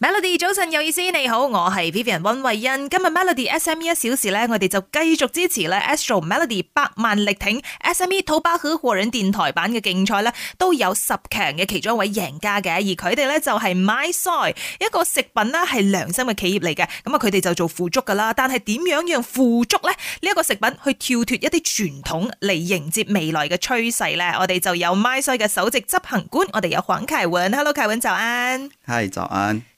Melody 早晨有意思，你好，我係 Vivian 溫慧欣。今日 Melody SME 一小時咧，我哋就繼續支持咧 Astro Melody 百萬力挺 SME 土巴兔過人電台版嘅競賽咧，都有十強嘅其中一位贏家嘅，而佢哋咧就係 My Soy 一個食品啦係良心嘅企業嚟嘅，咁啊佢哋就做腐竹噶啦，但係點樣用腐竹咧呢一、這個食品去跳脱一啲傳統嚟迎接未來嘅趨勢咧？我哋就有 My Soy 嘅首席執行官，我哋有黃啟允，Hello 啟允，早安，Hi，早安。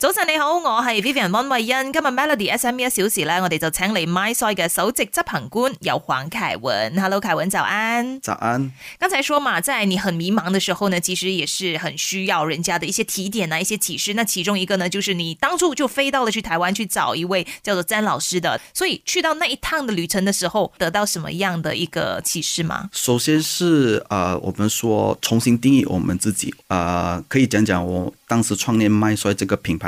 早晨你好，我係 Vivian 溫慧欣。今日 Melody S M E 一小時呢，我哋就請嚟 My 帥嘅首席執行官游黃凱文。Hello，凱文，早安。早安。剛才說嘛，在你很迷茫的時候呢，其實也是很需要人家的一些提點啊，一些啟示。那其中一個呢，就是你當初就飛到了去台灣去找一位叫做詹老師的。所以去到那一趟的旅程的時候，得到什麼樣的一個啟示嗎？首先是，啊、呃，我們說重新定義我們自己。啊、呃，可以講講我當時創立 My 帥這個品牌。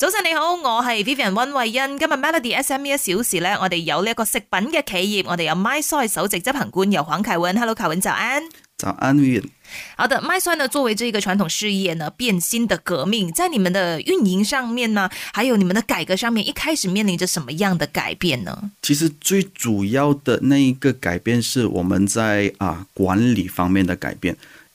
早晨你好，我係 Vivian 温慧欣。今日 Melody S M E 一小時咧，我哋有呢一個食品嘅企業，我哋有 My Soy 首席執行官，有黃凱文。Hello 凱文，早安。早安 Vivian。好的，My Soy 呢作為一個傳統事業呢，變新的革命，在你們的運營上面呢，還有你們的改革上面，一開始面臨着什麼樣的改變呢？其實最主要的那一個改變是我們在啊管理方面的改變。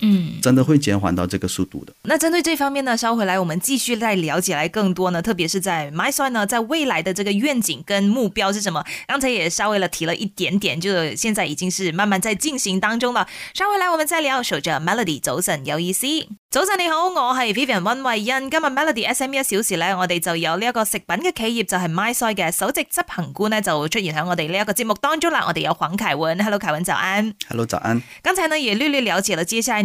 嗯，真的會減緩到這個速度的。那針對這方面呢，稍後來我們繼續再了解來更多呢，特別是在 MySoy 呢，在未來的這個願景跟目標是什麼？剛才也稍微了提了一點點，就現在已經是慢慢在進行當中了。稍後來我們再聊。守着 Melody 早晨，有意思。早晨你好，我係 Vivian 温慧欣。今日 Melody SME 一小時呢，我哋就有呢一個食品嘅企業就係 MySoy 嘅首席執行官呢，就出現喺我哋呢一個節目當中啦。我哋有黃凱文，Hello 凱文早安，Hello 早安。剛才呢也略略了解了接下來。